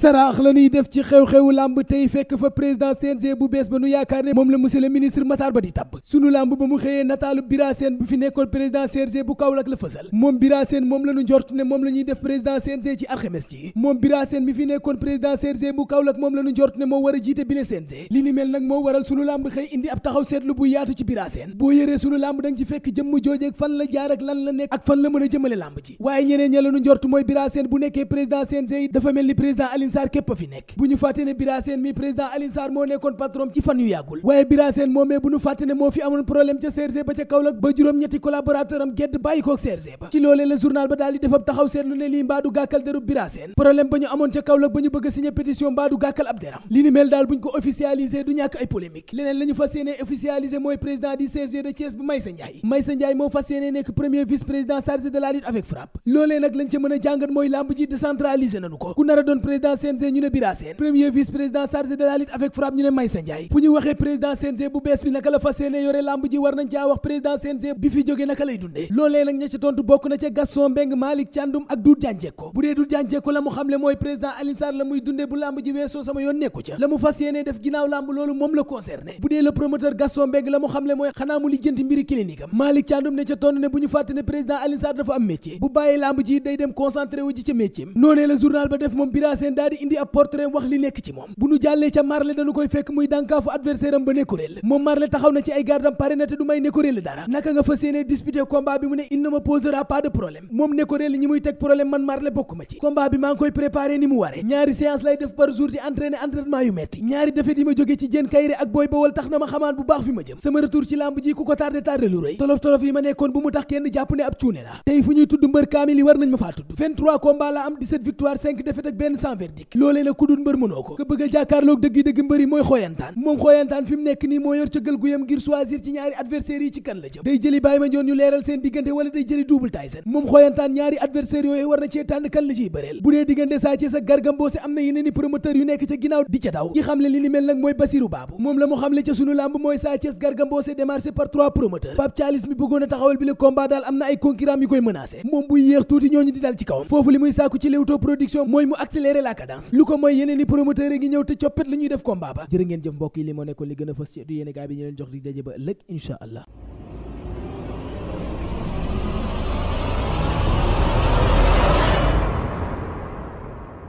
saraax la ñuy def ci xew-xewu làmb tey fekk fa président CNG bu bees ba nu yaakaar ne moom la monsieur ministre Matar Ba di tabb sunu làmb ba mu xëyee nataalu Bira Sène fi nekkoon président CNG bu Kaolack la fësal moom Bira moom la ñu njort ne moom la ñuy def président CNG ci alxames ji moom Bira mi fi nekkoon président CNG bu Kaolack moom la ñu njort ne moo war jiite bile CNG li ni mel nag moo waral sunu làmb xëy indi ab taxaw a jëmale làmb ji waaye ñeneen ña la ñu njort mooy Bira Sène bu Alioune Sarr képp a fi nekk bu ñu fàtte ne Bira Sène mi président Alioune Sarr moo nekkoon patron ci fan yu yàggul waaye Bira Sène moomee bu ñu fàtte ne moo fi amoon problème ca CRG ba ca Kaolack ba juróom-ñetti loolee la journal ca Kaolack ba ñu bëgg a signé pétition ko officialisé du ñàkk président du de Thiès bu Maysa loolee nag lañ ca mën jàngat mooy lamb ji décentralisé nañu ko ku nar doon président CNG ñu ne Bira Sène premier vice président chargé de la lutte avec frappe ñu ne Maysa Ndiaye bu ñu waxee président CNG bu bees bi naka la fas yéene yore lamb ji war nañ caa wax président CNG bi fi jógee naka lay dundee loolee nag ña ca tontu bokk na ca Gaston Mbengue Malick Thiandoum ak Doudou Diagne Diecko bu dee Doudou Diagne Diecko la mu xamle mooy président Alioune Sarr la muy dundee bu lamb ji weesoo sama yoon nekku ca la mu fas yéene def ginnaaw lamb loolu moom la concerné bu mooy xanaa mu lijjanti mbiri clinique am Malick Thiandoum ne ca tontu ne bu ñu fàtte ne président Alioune Sarr dafa am métier bu bàyyi lamb ji day dem concentré wu ji ca métier am noonee la journal ba def moom Bira Sène daal daal di indi ab portrait wax li nekk ci moom bu nu jàllee ca Marley dañu koy fekk muy dànkaafu adversaire am ba nekkuréel moom Marley taxaw na ci ay gardam pare na te du may nekkuréel dara naka nga fas yéene disputer combat bi mu ne il ne me posera problème moom nekkuréel ñi muy teg problème man Marley bokku ma ci combat bi maa ngi koy préparé ni mu ware ñaari séance lay def par jour di entraîner entraînement yu metti ñaari defet yi ma jóge ci jën kayre ak booy bawal na ma xamaan bu baax fi ma jëm sama politique loolee na ku dul mbër mënoo ko ka bëgg a jàkkaarloog dëgg mbër yi mooy xooyantaan moom xooyantaan fi mu nekk nii moo yor cëggal guyam ngir choisir ci ñaari adversaires yi ci kan la jëm daw ki xamle li ni mel nag mooy Basirou Babou moom la mu xamle ca sunu làmb mooy Sa Thiès Garga par trois promoteurs Pape Thialis mi bëggoon taxawal bi le combat daal am na ay concurrents yu koy menacé moom buy yéex tuuti ñooñu di dal ci kawam foofu li muy sàkku cadence lu ko mooy yeneen i promoteur yi ngi ñëw te coppet li def combat ba jërë ngeen jëf mbokk yi li moo nekkoon li gën a fës ci yéene gaay bi ñu jox di daje ba ëllëg incha allah